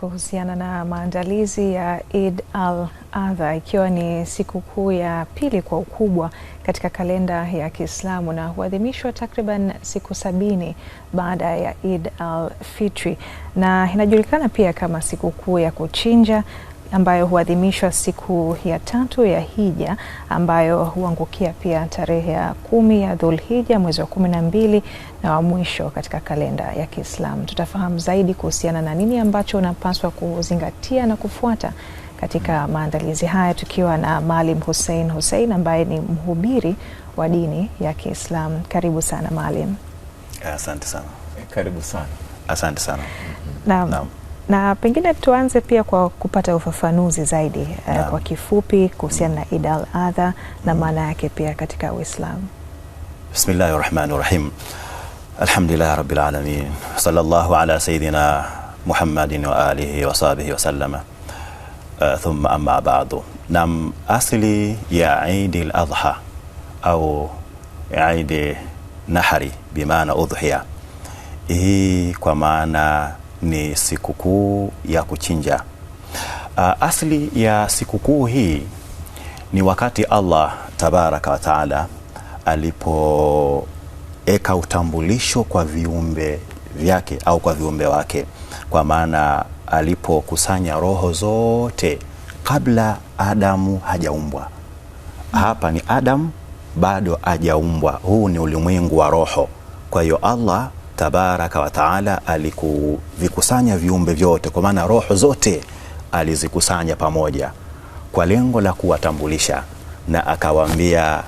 kuhusiana na maandalizi ya Eid al-Adha ikiwa ni sikukuu ya pili kwa ukubwa katika kalenda ya Kiislamu na huadhimishwa takriban siku sabini baada ya Eid al-Fitri na inajulikana pia kama sikukuu ya kuchinja ambayo huadhimishwa siku ya tatu ya hija ambayo huangukia pia tarehe ya kumi ya Dhulhija, mwezi wa kumi na mbili na wa mwisho katika kalenda ya Kiislamu. Tutafahamu zaidi kuhusiana na nini ambacho unapaswa kuzingatia na kufuata katika maandalizi haya tukiwa na Maalim Hussein Hussein ambaye ni mhubiri wa dini ya Kiislamu. Karibu sana Maalim. Asante sana. Karibu sana. Asante sana. Naam na pengine tuanze pia kwa kupata ufafanuzi zaidi uh, kwa kifupi kuhusiana na Eid al-Adha na maana yake pia katika Uislamu. Bismillahi rahmani rahim alhamdulillahi rabbil alamin sallallahu ala sayidina Muhammadin wa alihi wa sahbihi wa sallama uh, thumma amma ba'du. Nam, asili ya Eid al-Adha au Eid nahari bimaana udhiya hii kwa maana ni sikukuu ya kuchinja. Uh, ah, asili ya sikukuu hii ni wakati Allah tabaraka wa taala alipoeka utambulisho kwa viumbe vyake au kwa viumbe wake, kwa maana alipokusanya roho zote kabla Adamu hajaumbwa. Hapa ni Adamu bado hajaumbwa, huu ni ulimwengu wa roho. Kwa hiyo Allah tabaraka wa taala alikuvikusanya viumbe vyote, kwa maana roho zote alizikusanya pamoja kwa lengo la kuwatambulisha, na akawaambia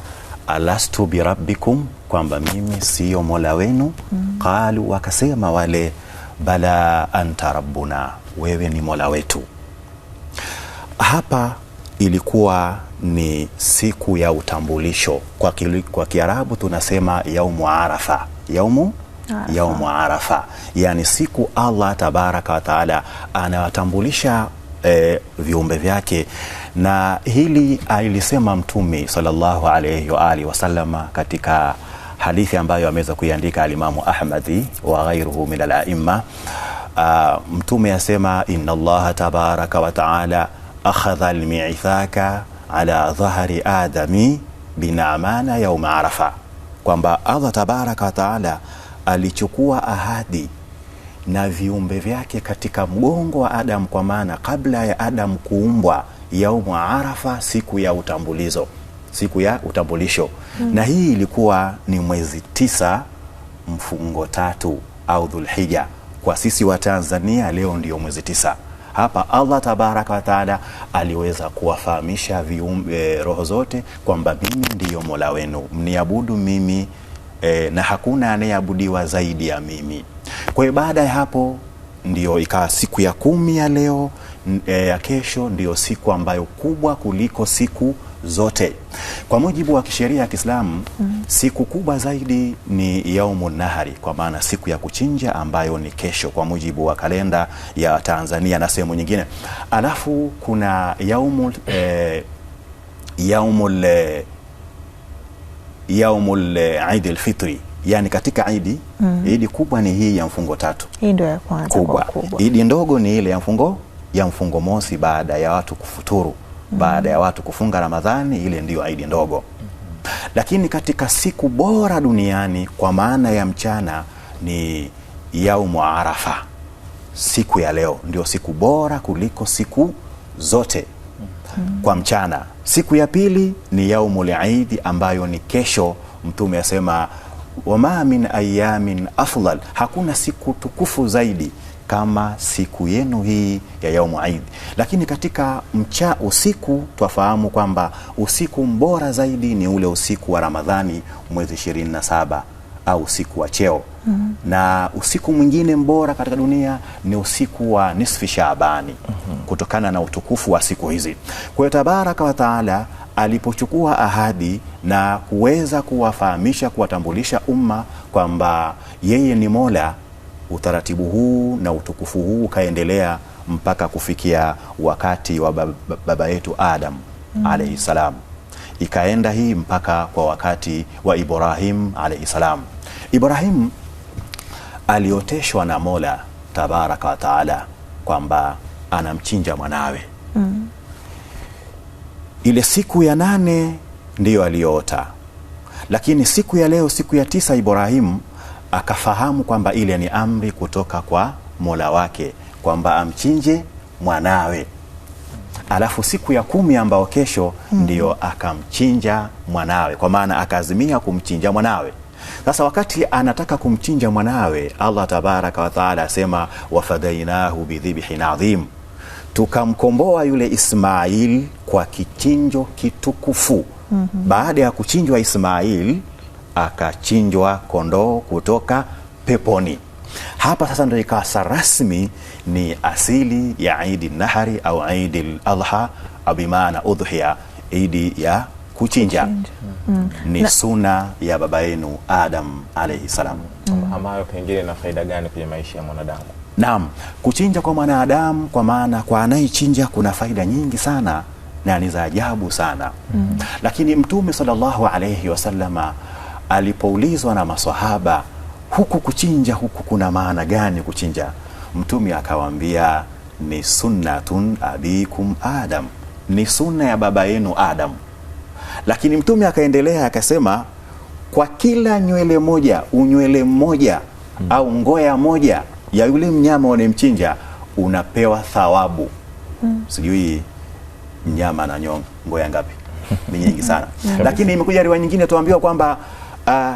alastu birabbikum, kwamba mimi siyo mola wenu mm. Qalu, wakasema wale, bala anta rabbuna, wewe ni mola wetu. Hapa ilikuwa ni siku ya utambulisho kwa, kwa Kiarabu tunasema yaumu arafa, yaumu yaumu arafa, yani siku Allah tabaraka wataala anawatambulisha e, viumbe vyake, na hili alilisema Mtume sallallahu alayhi wa alihi wasallama katika hadithi ambayo ameweza kuiandika alimamu Ahmadi wa ghairuhu min alaima. Ah, Mtume asema inna Allaha tabaraka wataala akhadha almithaka ala dhahri adami binamana yauma arafa, kwamba Allah tabaraka wataala alichukua ahadi na viumbe vyake katika mgongo wa Adamu, kwa maana kabla ya Adamu kuumbwa, yaumu Arafa, siku ya utambulizo, siku ya utambulisho hmm. na hii ilikuwa ni mwezi tisa mfungo tatu au Dhulhija. Kwa sisi wa Tanzania leo ndio mwezi tisa. Hapa Allah tabaraka wa taala aliweza kuwafahamisha viumbe, eh, roho zote kwamba mimi ndiyo mola wenu, mniabudu mimi e, na hakuna anayeabudiwa zaidi ya mimi. Kwa hiyo baada ya hapo ndio ikawa siku ya kumi ya leo e, ya kesho ndiyo siku ambayo kubwa kuliko siku zote kwa mujibu wa kisheria ya Kiislamu. mm -hmm. Siku kubwa zaidi ni yaumu nahari, kwa maana siku ya kuchinja ambayo ni kesho kwa mujibu wa kalenda ya Tanzania na sehemu nyingine. Alafu kuna yaumu eh, yaumu eh, yaumul eh, idil fitri yani katika idi mm. idi kubwa ni hii ya mfungo tatu. Hii ndio ya kwanza kubwa. kubwa. Idi ndogo ni ile ya mfungo ya mfungo mosi baada ya watu kufuturu mm. baada ya watu kufunga Ramadhani, ile ndiyo idi ndogo mm. Lakini katika siku bora duniani kwa maana ya mchana ni yaumu Arafa, siku ya leo ndio siku bora kuliko siku zote kwa mchana. Siku ya pili ni yaumul idi ambayo ni kesho. Mtume asema wama min ayamin afdal, hakuna siku tukufu zaidi kama siku yenu hii ya yaumu idi. Lakini katika mcha usiku twafahamu kwamba usiku mbora zaidi ni ule usiku wa Ramadhani, mwezi 27 au usiku wa cheo mm -hmm. na usiku mwingine mbora katika dunia ni usiku wa nisfi Shaabani mm -hmm. kutokana na utukufu wa siku hizi. Kwa hiyo tabaraka wa taala alipochukua ahadi na kuweza kuwafahamisha, kuwatambulisha umma kwamba yeye ni Mola, utaratibu huu na utukufu huu ukaendelea mpaka kufikia wakati wa baba yetu Adam mm -hmm. alaihi salam ikaenda hii mpaka kwa wakati wa Ibrahim alayhi salam. Ibrahim alioteshwa na Mola tabaraka wa taala kwamba anamchinja mwanawe mm. Ile siku ya nane ndiyo aliyoota, lakini siku ya leo, siku ya tisa, Ibrahimu akafahamu kwamba ile ni amri kutoka kwa Mola wake kwamba amchinje mwanawe alafu siku ya kumi ambao kesho mm. ndio akamchinja mwanawe, kwa maana akaazimia kumchinja mwanawe. Sasa wakati anataka kumchinja mwanawe, Allah tabaraka wataala asema wafadainahu bidhibhin adhim, tukamkomboa yule Ismail kwa kichinjo kitukufu. mm -hmm. Baada ya kuchinjwa Ismail akachinjwa kondoo kutoka peponi. Hapa sasa ndio ikasa rasmi ni asili ya Idi Nahari au Idi ladha au bimaana udhuhia, idi ya kuchinja mm. mm. Ni suna ya baba yenu Adam alaihi salam mm. Ambayo pengine na faida gani kwenye maisha ya mwanadamu? Naam, kuchinja kwa mwanadamu, kwa maana kwa anayechinja kuna faida nyingi sana na ni za ajabu sana mm. Lakini Mtume sallallahu alaihi wasallama alipoulizwa na maswahaba huku kuchinja huku kuna maana gani kuchinja? Mtume akawaambia ni sunnatun abikum Adam, ni sunna ya baba yenu Adam. Lakini mtume akaendelea akasema, kwa kila nywele moja unywele mmoja hmm. au ngoya moja ya yule mnyama unemchinja unapewa thawabu hmm. Sijui mnyama na nyong, ngoya ngapi? Ni nyingi sana lakini imekuja riwaya nyingine tuambiwa kwamba uh,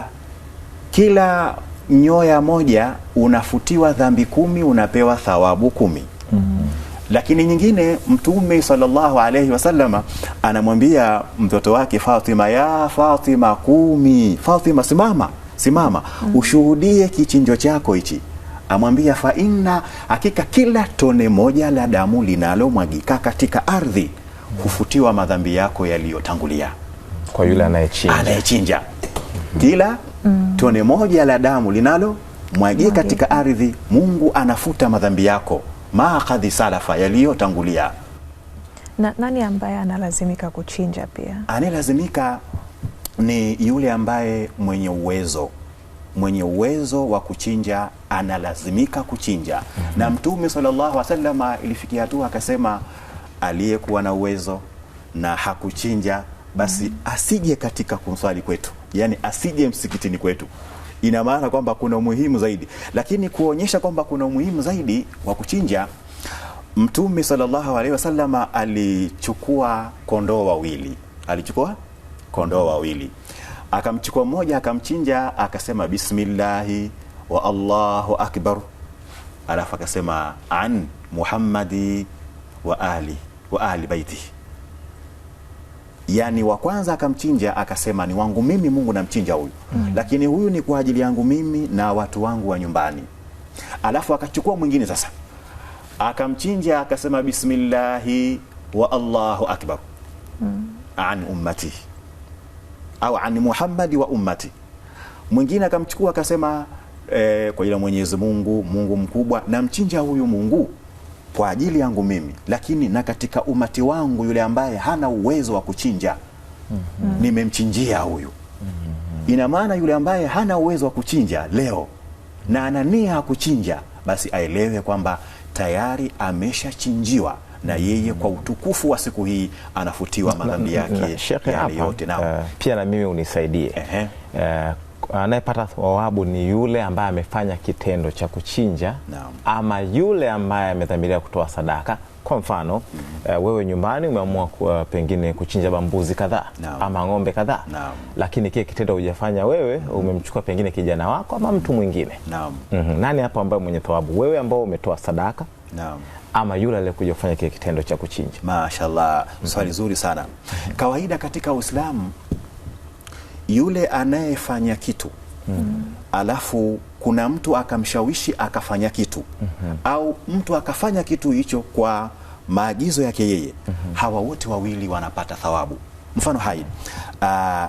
kila nyoya moja unafutiwa dhambi kumi unapewa thawabu kumi mm -hmm. Lakini nyingine Mtume salllahu alaihi wasalama anamwambia mtoto wake Fatima, ya Fatima kumi, Fatima simama simama, mm -hmm. ushuhudie kichinjo chako hichi amwambia faina hakika kila tone moja la damu linalomwagika katika ardhi hufutiwa madhambi yako yaliyotangulia, kwa yule anayechinja kila mm. tone moja la damu linalo mwagie katika ardhi, Mungu anafuta madhambi yako maakadhi salafa, yaliyotangulia. Na nani ambaye analazimika kuchinja? Pia anayelazimika ni yule ambaye mwenye uwezo mwenye uwezo wa kuchinja analazimika kuchinja. mm -hmm. Na Mtume sallallahu alaihi wasallam ilifikia hatua akasema, aliyekuwa na uwezo na hakuchinja basi mhm. asije katika kumswali kwetu yani asije msikitini kwetu ina maana kwamba kuna umuhimu zaidi, lakini kuonyesha kwamba kuna umuhimu zaidi wa kuchinja, Mtume sallallahu alaihi wasallam alichukua kondoo wawili, alichukua kondoo wawili, akamchukua mmoja akamchinja, akasema bismillahi wa Allahu akbar, alafu akasema an Muhammadi wa ali wa ali baitihi yani wa kwanza akamchinja akasema ni wangu mimi, Mungu namchinja huyu mm. lakini huyu ni kwa ajili yangu mimi na watu wangu wa nyumbani. Alafu akachukua mwingine sasa akamchinja akasema bismillahi wa Allahu akbar mm. an ummati au an Muhammadi wa ummati. Mwingine akamchukua akasema eh, kwa ila Mwenyezi Mungu, Mungu mkubwa, namchinja huyu Mungu kwa ajili yangu mimi, lakini na katika umati wangu yule ambaye hana uwezo wa kuchinja mm -hmm. nimemchinjia huyu mm -hmm. Ina maana yule ambaye hana uwezo wa kuchinja leo na ana nia ya kuchinja, basi aelewe kwamba tayari ameshachinjiwa na yeye kwa mhm. utukufu wa siku hii anafutiwa madhambi yake yote. Na eh, pia na mimi unisaidie uh -huh. uh, anayepata thawabu ni yule ambaye amefanya kitendo cha kuchinja no. ama yule ambaye amedhamiria kutoa sadaka kwa mfano mm -hmm. uh, wewe nyumbani umeamua uh, pengine kuchinja bambuzi kadhaa no. ama ng'ombe kadhaa no. lakini kile kitendo hujafanya wewe mm -hmm. umemchukua pengine kijana wako ama mtu mwingine no. mm -hmm. nani hapo ambaye mwenye thawabu wewe ambao umetoa sadaka no. ama yule aliyekuja kufanya kile kitendo cha kuchinja mashallah mhm. swali mm -hmm. zuri sana kawaida katika uislamu yule anayefanya kitu mm. alafu kuna mtu akamshawishi akafanya kitu mm -hmm. au mtu akafanya kitu hicho kwa maagizo yake yeye mm -hmm. hawa wote wawili wanapata thawabu. Mfano hai uh,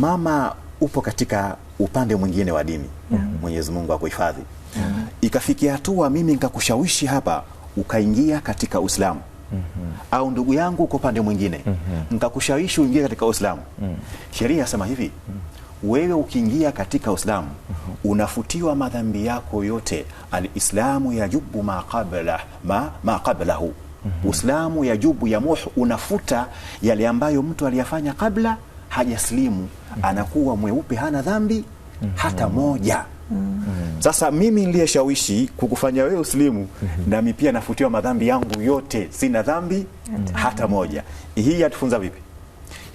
mama, upo katika upande mwingine wa dini mm -hmm. Mwenyezi Mungu akuhifadhi mm -hmm. Ikafikia hatua mimi nikakushawishi hapa ukaingia katika Uislamu mm -hmm. au ndugu yangu uko pande mwingine mm -hmm. nikakushawishi uingie katika Uislamu mm -hmm. sheria inasema hivi mm -hmm. wewe ukiingia katika Uislamu mm -hmm. unafutiwa madhambi yako yote. Alislamu yajubu ma qabla ma, ma qablahu mm -hmm. Uislamu yajubu ya muhu, unafuta yale ambayo mtu aliyafanya kabla hajaslimu, mm -hmm. anakuwa mweupe, hana dhambi mm -hmm. hata mhm. moja. Mm. Sasa mimi niliyeshawishi kukufanya wewe uslimu mhm. nami pia nafutiwa madhambi yangu yote, sina dhambi mm. hata moja. Hii yatufunza vipi?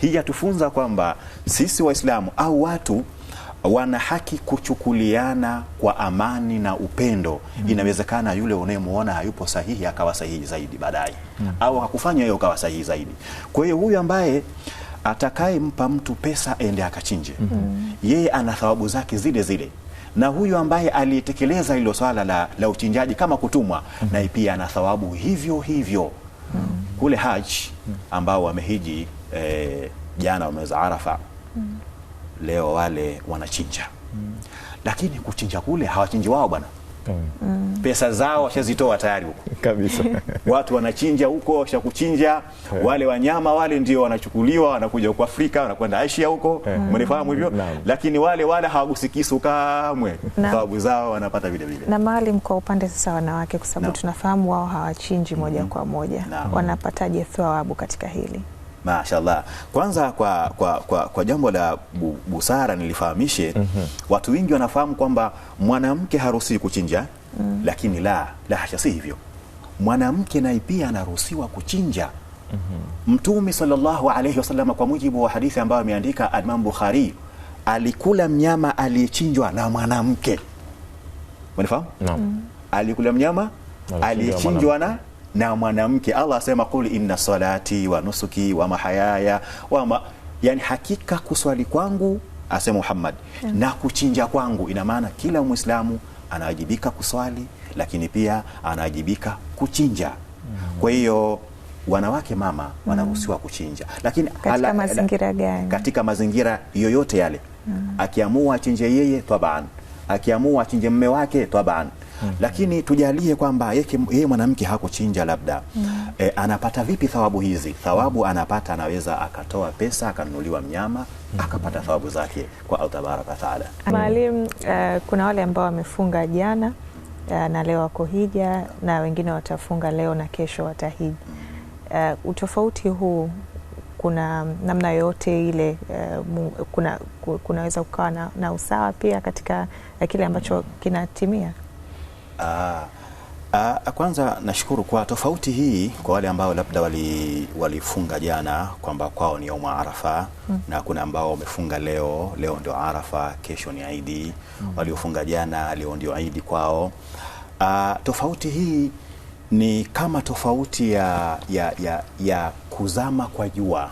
Hii yatufunza kwamba sisi Waislamu au watu wana haki kuchukuliana kwa amani na upendo. mm -hmm. Inawezekana yule unayemwona hayupo sahihi akawa sahihi zaidi baadaye, mm -hmm. au hakufanya yeye ukawa sahihi zaidi. Kwa hiyo huyu ambaye atakayempa mtu pesa ende akachinje, mm -hmm. yeye ana thawabu zake zile zile na huyu ambaye alitekeleza hilo swala la, la uchinjaji kama kutumwa mm -hmm. naye pia ana thawabu hivyo hivyo mm -hmm. kule haji mm-hmm. ambao wamehiji eh, jana wameweza Arafa mm -hmm. leo wale wanachinja mm -hmm. lakini kuchinja kule hawachinji wao bwana mm. pesa zao washazitoa tayari huko kabisa. Watu wanachinja huko, washakuchinja eh. wale wanyama wale ndio wanachukuliwa wanakuja huko Afrika, wanakwenda Asia huko, umenifahamu eh. hivyo. Lakini wale wale hawagusikisu kamwe, sababu zao wanapata vile vile. Na maalum kwa upande sasa wanawake, kwa sababu tunafahamu wao hawachinji moja mm-hmm. kwa moja, wanapataje thawabu katika hili? Mashallah. Kwanza kwa, kwa, kwa, kwa jambo la bu, busara nilifahamishe mm -hmm. Watu wengi wanafahamu kwamba mwanamke haruhusiwi kuchinja mm -hmm. Lakini la la hasha, si hivyo. Mwanamke naye pia anaruhusiwa kuchinja mm -hmm. Mtume sallallahu alayhi wasallam kwa mujibu wa hadithi ambayo ameandika Imam Bukhari alikula mnyama aliyechinjwa na mwanamke. Unafahamu? No. Mm -hmm. Alikula mnyama aliyechinjwa na na mwanamke. Allah asema ul inna salati wa nusuki wa mahayaya wa ma... yani, hakika kuswali kwangu asema Muhammad yeah. na kuchinja kwangu. Ina maana kila Muislamu anawajibika kuswali, lakini pia anawajibika kuchinja mm -hmm. kwa hiyo wanawake mama wanaruhusiwa mm. kuchinja, lakini katika ala, mazingira gani? Katika mazingira yoyote yale mm. akiamua achinje yeye twabaan, akiamua achinje mme wake twabaan Mhm. Lakini tujalie kwamba yeye mwanamke hakuchinja labda mm. E, anapata vipi thawabu hizi? Thawabu anapata anaweza akatoa pesa akanunuliwa mnyama mhm. akapata thawabu zake kwa Allah tabaraka taala. Maalim, uh, kuna wale ambao wamefunga jana uh, na leo wako hija na wengine watafunga leo na kesho watahiji. Uh, utofauti huu kuna namna yoyote ile uh, kuna, kunaweza kukawa na, na usawa pia katika kile ambacho kinatimia? Aa, ah. aa, ah, kwanza nashukuru kwa tofauti hii kwa wale ambao labda walifunga wali jana kwamba kwao ni yaumu Arafa mm. na kuna ambao wamefunga leo, leo ndio Arafa, kesho ni Idi mm. waliofunga jana leo ndio Idi kwao. Aa, ah, tofauti hii ni kama tofauti ya, ya, ya, ya kuzama kwa jua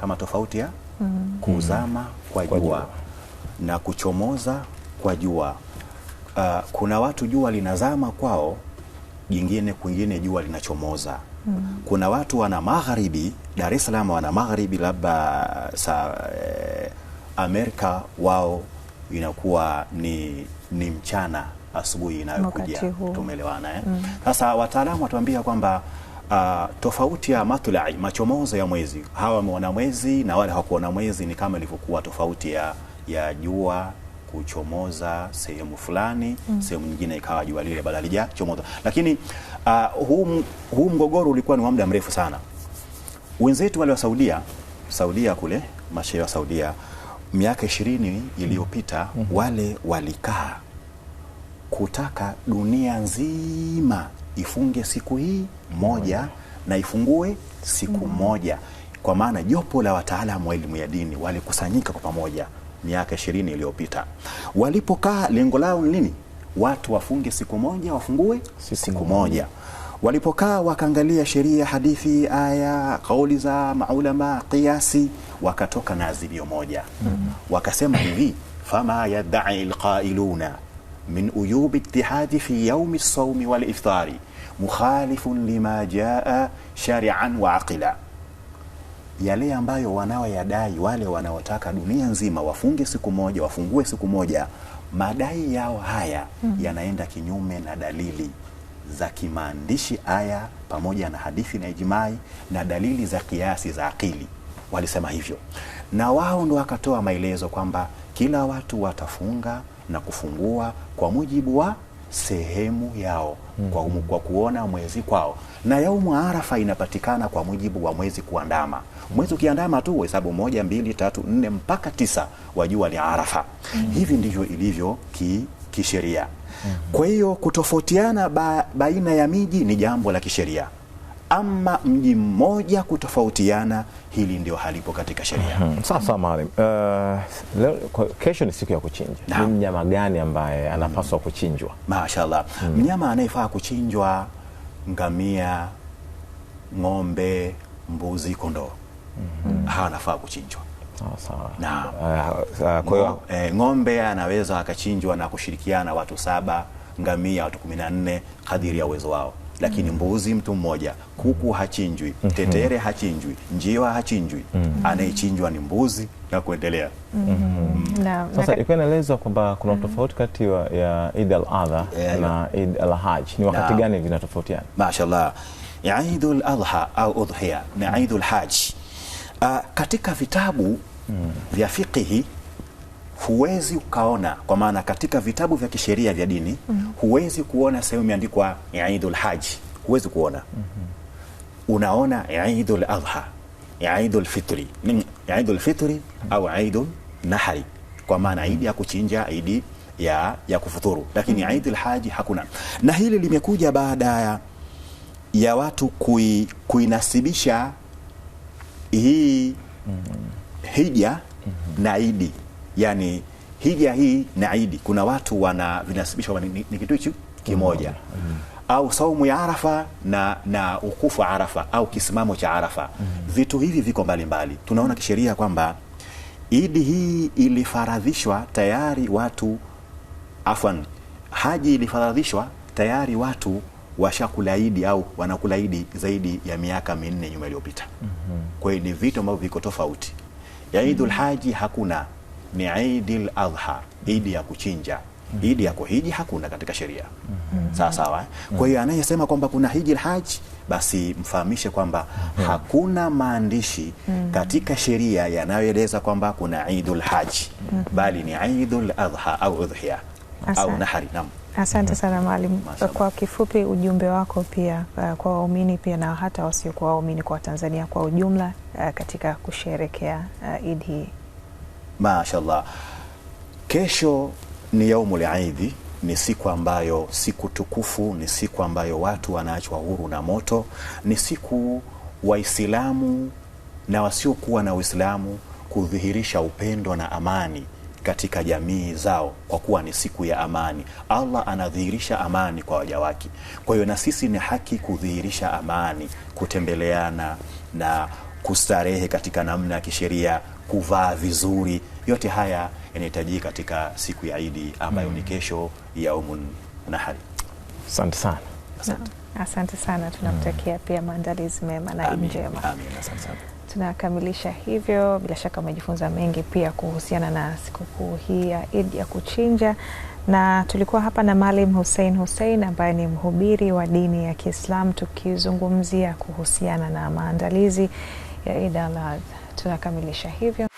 kama tofauti ya mm. kuzama kwa jua na kuchomoza kwa jua uh, kuna watu jua linazama kwao, jingine kwingine jua linachomoza. Mm. Kuna watu wana magharibi, Dar es Salaam wana magharibi, labda uh, sa eh, Amerika wao inakuwa ni, ni mchana asubuhi inayokuja. Tumeelewana eh? Mm. Sasa wataalamu watuambia kwamba uh, tofauti ya matlai machomozo ya mwezi hawa wameona mwezi na wale hawakuona mwezi ni kama ilivyokuwa tofauti ya, ya jua kuchomoza sehemu fulani mm. sehemu nyingine ikawa jua lile bado halijachomoza, lakini uh, huu huu mgogoro ulikuwa ni wa muda mrefu sana. Wenzetu wale wa Saudia Saudia kule mashehe wa Saudia miaka ishirini iliyopita mm -hmm. wale walikaa kutaka dunia nzima ifunge siku hii moja mm -hmm. na ifungue siku mm -hmm. moja, kwa maana jopo la wataalamu wa elimu ya dini walikusanyika kwa pamoja miaka 20 iliyopita. Walipokaa lengo lao ni nini? Watu wafunge siku moja, wafungue siku, siku moja. Walipokaa wakaangalia sheria, hadithi, aya, kauli za maulama, kiasi, wakatoka na azimio moja mm -hmm. wakasema hivi fama yadai lqailuna min uyubi ijtihadi fi yaumi lsaumi waliftari mukhalifun lima jaa sharian wa aqila yale ambayo wanaoyadai wale wanaotaka dunia nzima wafunge siku moja, wafungue siku moja, madai yao haya hmm. yanaenda kinyume na dalili za kimaandishi aya pamoja na hadithi na ijimai na dalili za kiasi za akili. Walisema hivyo, na wao ndo wakatoa maelezo kwamba kila watu watafunga na kufungua kwa mujibu wa sehemu yao. Mm-hmm. kwa, umu, kwa kuona mwezi kwao, na yaumu Arafa inapatikana kwa mujibu wa mwezi kuandama. Mwezi ukiandama tu hesabu moja, mbili, tatu, nne mpaka tisa, wajua ni Arafa. mm. hivi ndivyo ilivyo ki kisheria. mm. kwa hiyo kutofautiana ba, baina ya miji ni jambo la kisheria ama mji mmoja kutofautiana, hili ndio halipo katika sheria. Mm -hmm. Sasa Maalim, uh, kesho ni siku ya kuchinja. Ni mnyama gani ambaye anapaswa kuchinjwa? Mashaallah. mm -hmm. Mnyama anayefaa kuchinjwa ngamia, ng'ombe, mbuzi, kondoo. mm -hmm. Anafaa kuchinjwa. na, Uh, uh, eh, ng'ombe anaweza akachinjwa na kushirikiana watu saba, ngamia watu kumi na nne kadiri ya uwezo wao lakini mbuzi mtu mmoja, kuku hachinjwi, mhm. tetere hachinjwi, njiwa hachinjwi, mhm. anayechinjwa ni mbuzi na kuendelea. Mhm. Mm. Sasa ilikuwa inaelezwa kwamba kuna tofauti kati ya Eid al-Adha eh, na Eid al Haj, ni wakati gani vinatofautiana? Mashallah, Eid al-Adha au udhiya na Eid al ah, katika vitabu mm. vya fiqhi huwezi ukaona, kwa maana katika vitabu vya kisheria vya dini mm -hmm. huwezi kuona sehemu imeandikwa Eidul Hajj, huwezi kuona mm -hmm. unaona Eidul Adha, Eidul Fitri, Eidul Fitri mm -hmm. au Eidul Nahari, kwa maana idi ya kuchinja, idi ya, ya kufuturu, lakini mm -hmm. Eidul Hajj hakuna, na hili limekuja baada ya ya watu kui, kuinasibisha hii mm -hmm. hija mm -hmm. na idi yani hija hii na Idi, kuna watu wana vinasibishwa ni, ni, ni kitu hicho kimoja mm -hmm. au saumu ya Arafa na, na ukufu wa Arafa au kisimamo cha Arafa mm -hmm. vitu hivi viko mbalimbali mbali. Tunaona kisheria kwamba Idi hii ilifaradhishwa tayari watu afwan, haji ilifaradhishwa tayari watu washakula idi au wanakula idi zaidi ya miaka minne nyuma iliyopita. mm -hmm. Kwa hiyo ni vitu ambavyo viko tofauti ya Idul mm -hmm. haji hakuna ni al Adha, idi ya kuchinja Idi ya kuhiji hakuna katika sheria mhm. Sawa sawa eh? Kwa hiyo anayesema kwamba kuna hiji haji, basi mfahamishe kwamba mhm. hakuna maandishi mhm. katika sheria yanayoeleza kwamba kuna idul haji bali ni idul adha au udhiya au nahari. Naam, asante sana mwalimu. Kwa kifupi ujumbe wako pia eh, kwa waumini pia na hata wasiokuwa waumini kwa Tanzania kwa ujumla eh, katika kusherekea uh, hii mashallah Kesho ni yaumul idi, ni siku ambayo, siku tukufu, ni siku ambayo watu wanaachwa huru na moto, ni siku Waislamu na wasiokuwa na Uislamu kudhihirisha upendo na amani katika jamii zao, kwa kuwa ni siku ya amani. Allah anadhihirisha amani kwa waja wake. Kwa hiyo na sisi ni haki kudhihirisha amani, kutembeleana na kustarehe katika namna ya kisheria kuvaa vizuri, yote haya yanahitajika katika siku ya Idi ambayo mm. ni kesho yaumun nahari. Asante sana. Asante. sana tunamtakia mm. pia maandalizi mema na Idi njema. Tunakamilisha hivyo. Bila shaka umejifunza mengi pia kuhusiana na sikukuu hii ya Idi ya kuchinja, na tulikuwa hapa na Maalim Hussein Hussein ambaye ni mhubiri wa dini ya Kiislamu tukizungumzia kuhusiana na maandalizi ya Idi al-Adha tunakamilisha hivyo.